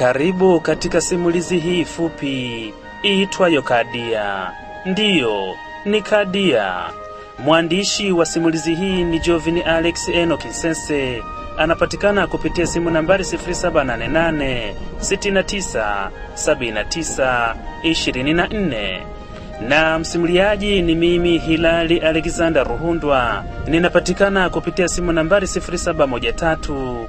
Karibu katika simulizi hii fupi iitwayo Kadia. Ndiyo, ni Kadia. Mwandishi wa simulizi hii ni Jovini Alex Eno Sense, anapatikana kupitia simu nambari 0788697924 na msimuliaji ni mimi Hilali Alexander Ruhundwa, ninapatikana kupitia simu nambari 0713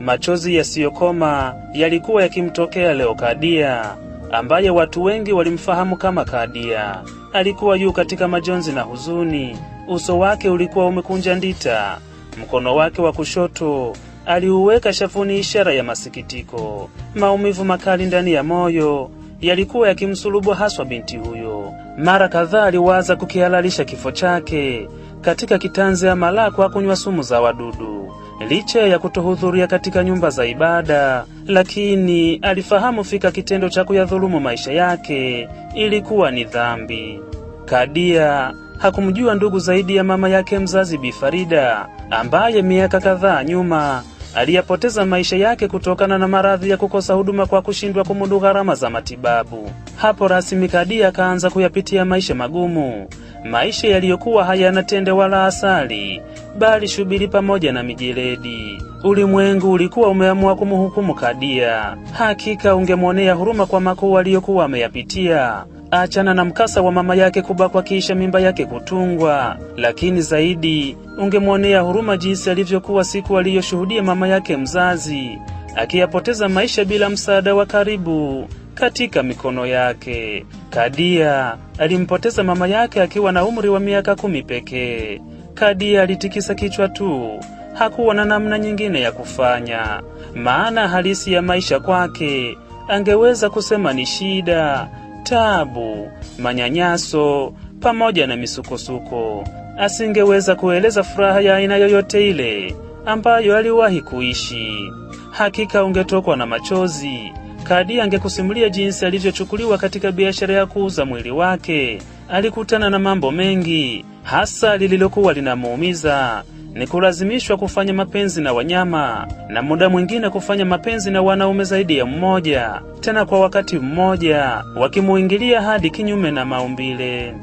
Machozi yasiyokoma yalikuwa yakimtokea Leokadia ambaye watu wengi walimfahamu kama Kadia. Alikuwa yu katika majonzi na huzuni, uso wake ulikuwa umekunja ndita, mkono wake wa kushoto aliuweka shafuni ishara ya masikitiko. Maumivu makali ndani ya moyo yalikuwa yakimsulubu haswa binti huyo. Mara kadhaa aliwaza kukihalalisha kifo chake katika kitanzi ya malaa kwa kunywa sumu za wadudu. Licha ya kutohudhuria katika nyumba za ibada, lakini alifahamu fika kitendo cha kuyadhulumu maisha yake ilikuwa ni dhambi. Kadia hakumjua ndugu zaidi ya mama yake mzazi Bi Farida ambaye miaka kadhaa nyuma aliyapoteza maisha yake kutokana na maradhi ya kukosa huduma kwa kushindwa kumudu gharama za matibabu. Hapo rasmi Kadi akaanza kuyapitia maisha magumu, maisha yaliyokuwa hayana tende wala asali, bali shubiri pamoja na mijeledi. Ulimwengu ulikuwa umeamua kumhukumu Kadia. Hakika ungemwonea huruma kwa makuu aliyokuwa ameyapitia, achana na mkasa wa mama yake kubakwa kisha mimba yake kutungwa, lakini zaidi ungemwonea huruma jinsi alivyokuwa siku aliyoshuhudia mama yake mzazi akiyapoteza maisha bila msaada wa karibu katika mikono yake. Kadia alimpoteza mama yake akiwa na umri wa miaka kumi pekee. Kadia alitikisa kichwa tu, hakuwa na namna nyingine ya kufanya, maana halisi ya maisha kwake angeweza kusema ni shida, tabu manyanyaso pamoja na misukosuko. Asingeweza kueleza furaha ya aina yoyote ile ambayo aliwahi kuishi. Hakika ungetokwa na machozi. Kadi angekusimulia jinsi alivyochukuliwa katika biashara ya kuuza mwili wake. Alikutana na mambo mengi, hasa lililokuwa linamuumiza ni kulazimishwa kufanya mapenzi na wanyama na muda mwingine kufanya mapenzi na wanaume zaidi ya mmoja, tena kwa wakati mmoja, wakimuingilia hadi kinyume na maumbile.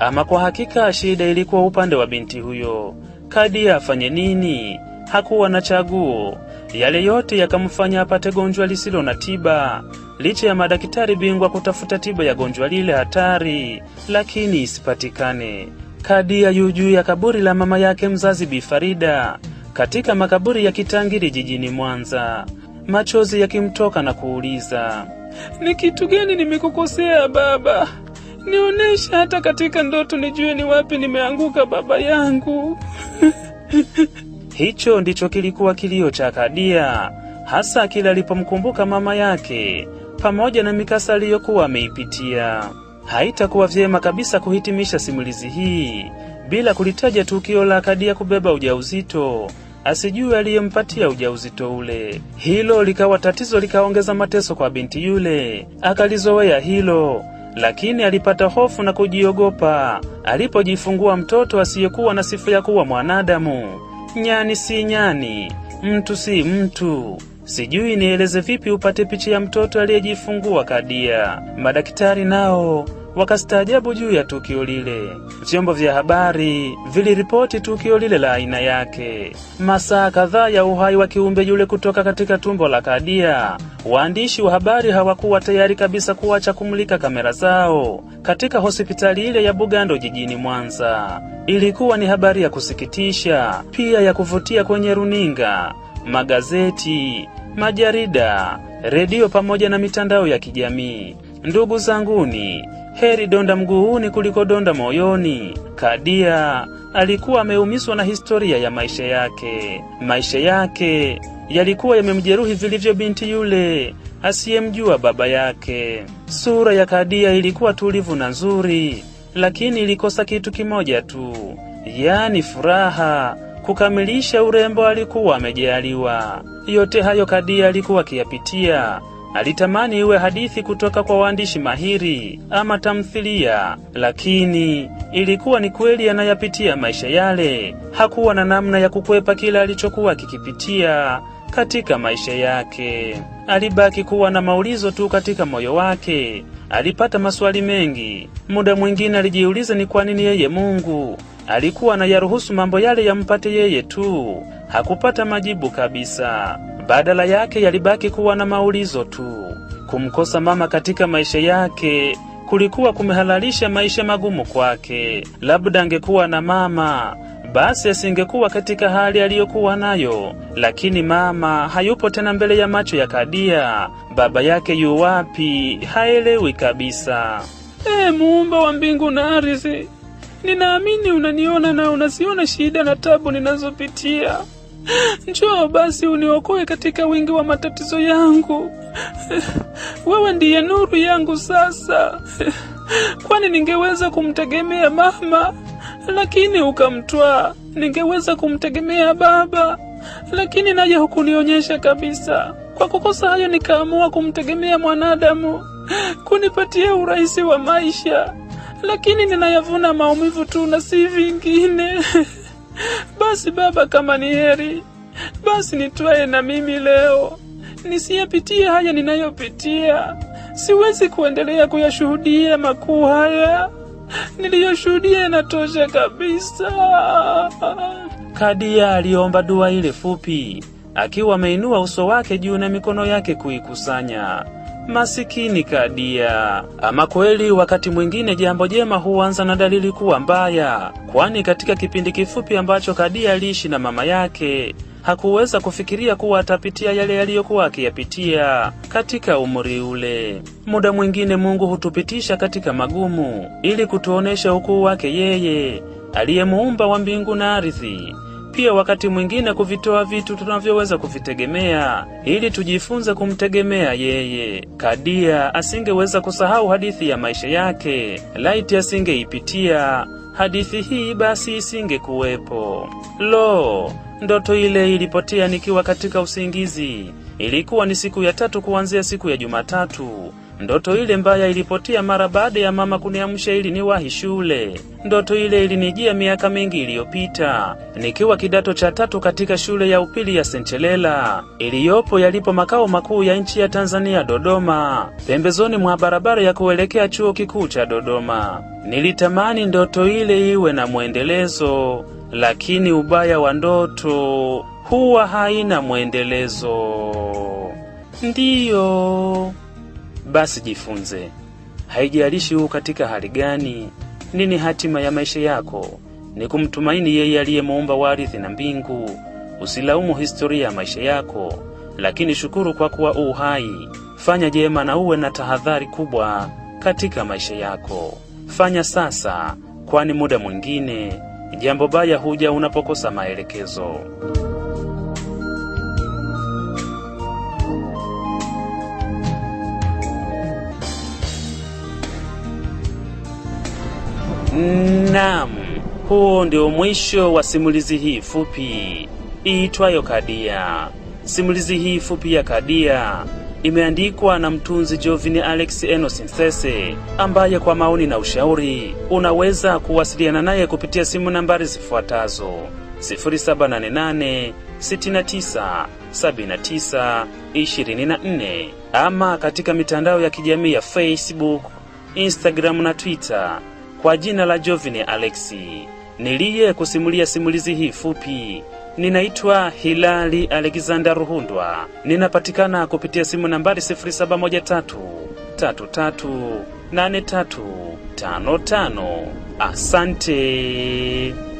Ama kwa hakika shida ilikuwa upande wa binti huyo. Kadia afanye nini? Hakuwa na chaguo. Yale yote yakamfanya apate gonjwa lisilo na tiba, licha ya madaktari bingwa kutafuta tiba ya gonjwa lile hatari, lakini isipatikane. Kadia ya juu ya kaburi la mama yake mzazi Bi Farida katika makaburi ya Kitangiri jijini Mwanza, machozi yakimtoka na kuuliza, ni kitu gani nimekukosea baba? nioneshe hata katika ndoto nijue ni wapi nimeanguka baba yangu. Hicho ndicho kilikuwa kilio cha Kadia, hasa kila alipomkumbuka mama yake pamoja na mikasa aliyokuwa ameipitia haitakuwa vyema kabisa kuhitimisha simulizi hii bila kulitaja tukio la Kadia kubeba ujauzito asijue aliyempatia ujauzito ule. Hilo likawa tatizo, likaongeza mateso kwa binti yule. Akalizoea hilo, lakini alipata hofu na kujiogopa alipojifungua mtoto asiyekuwa na sifa ya kuwa mwanadamu. Nyani si nyani, mtu si mtu. Sijui nieleze vipi upate picha ya mtoto aliyejifungua Kadia. Madaktari nao wakastaajabu juu ya tukio lile. Vyombo vya habari viliripoti tukio lile la aina yake. Masaa kadhaa ya uhai wa kiumbe yule kutoka katika tumbo la Kadia, waandishi wa habari hawakuwa tayari kabisa kuacha kumulika kamera zao katika hospitali ile ya Bugando jijini Mwanza. Ilikuwa ni habari ya kusikitisha, pia ya kuvutia kwenye runinga magazeti, majarida, redio pamoja na mitandao ya kijamii. Ndugu zanguni, heri donda mguuni kuliko donda moyoni. Kadia alikuwa ameumizwa na historia ya maisha yake. Maisha yake yalikuwa yamemjeruhi vilivyo binti yule asiyemjua baba yake. Sura ya Kadia ilikuwa tulivu na nzuri, lakini ilikosa kitu kimoja tu, yaani furaha kukamilisha urembo alikuwa amejaliwa. Yote hayo Kadi alikuwa akiyapitia. Alitamani iwe hadithi kutoka kwa waandishi mahiri ama tamthilia, lakini ilikuwa ni kweli anayapitia maisha yale. Hakuwa na namna ya kukwepa kila alichokuwa kikipitia katika maisha yake. Alibaki kuwa na maulizo tu katika moyo wake. Alipata maswali mengi. Muda mwingine alijiuliza ni kwa nini yeye Mungu alikuwa anayaruhusu mambo yale yampate yeye tu, hakupata majibu kabisa. Badala yake yalibaki kuwa na maulizo tu. Kumkosa mama katika maisha yake kulikuwa kumehalalisha maisha magumu kwake. Labda angekuwa na mama basi asingekuwa katika hali aliyokuwa nayo, lakini mama hayupo tena mbele ya macho ya Kadia. Baba yake yu wapi? Haelewi kabisa. E, muumba wa mbingu na ardhi, Ninaamini unaniona na unasiona shida na tabu ninazopitia. Njoo basi uniokoe katika wingi wa matatizo yangu. Wewe ndiye nuru yangu sasa, kwani ningeweza kumtegemea mama lakini ukamtwaa, ningeweza kumtegemea baba lakini naye hukunionyesha kabisa. Kwa kukosa hayo, nikaamua kumtegemea mwanadamu kunipatia urahisi wa maisha lakini ninayavuna maumivu tu na si vingine. Basi Baba, kama ni heri, basi nitwaye na mimi leo nisiyapitie haya ninayopitia. Siwezi kuendelea kuyashuhudia makuu haya niliyoshuhudia, yanatosha kabisa. Kadia aliomba dua ile fupi, akiwa ameinua uso wake juu na mikono yake kuikusanya masikini kadia. Ama kweli, wakati mwingine jambo jema huanza na dalili kuwa mbaya, kwani katika kipindi kifupi ambacho Kadia aliishi na mama yake hakuweza kufikiria kuwa atapitia yale yaliyokuwa akiyapitia katika umri ule. Muda mwingine Mungu hutupitisha katika magumu ili kutuonesha ukuu wake yeye aliyemuumba wa mbingu na ardhi pia wakati mwingine kuvitoa vitu tunavyoweza kuvitegemea ili tujifunze kumtegemea yeye. Kadia asingeweza kusahau hadithi ya maisha yake, laiti asingeipitia hadithi hii, basi isingekuwepo. Lo, ndoto ile ilipotea nikiwa katika usingizi. Ilikuwa ni siku ya tatu kuanzia siku ya Jumatatu. Ndoto ile mbaya ilipotia mara baada ya mama kuniamsha ili niwahi shule. Ndoto ile ilinijia miaka mingi iliyopita nikiwa kidato cha tatu katika shule ya upili ya Senchelela iliyopo yalipo makao makuu ya nchi ya Tanzania, Dodoma, pembezoni mwa barabara ya kuelekea chuo kikuu cha Dodoma. Nilitamani ndoto ile iwe na mwendelezo, lakini ubaya wa ndoto huwa haina mwendelezo. Ndiyo basi jifunze. Haijalishi huu katika hali gani, nini hatima ya maisha yako, ni kumtumaini yeye aliyemuumba warithi na mbingu. Usilaumu historia ya maisha yako, lakini shukuru kwa kuwa u hai. Fanya jema na uwe na tahadhari kubwa katika maisha yako. Fanya sasa, kwani muda mwingine jambo baya huja unapokosa maelekezo. Naam, huo ndio mwisho wa simulizi hii fupi iitwayo Kadia. Simulizi hii fupi ya Kadia imeandikwa na mtunzi Jovini Alex enosinsese ambaye kwa maoni na ushauri unaweza kuwasiliana naye kupitia simu nambari zifuatazo 0788 69 79 ama katika mitandao ya kijamii ya Facebook, Instagram na Twitter kwa jina la Jovine Alexi, niliye kusimulia simulizi hii fupi. Ninaitwa Hilali Alexander Ruhundwa, ninapatikana kupitia simu nambari 55. Asante.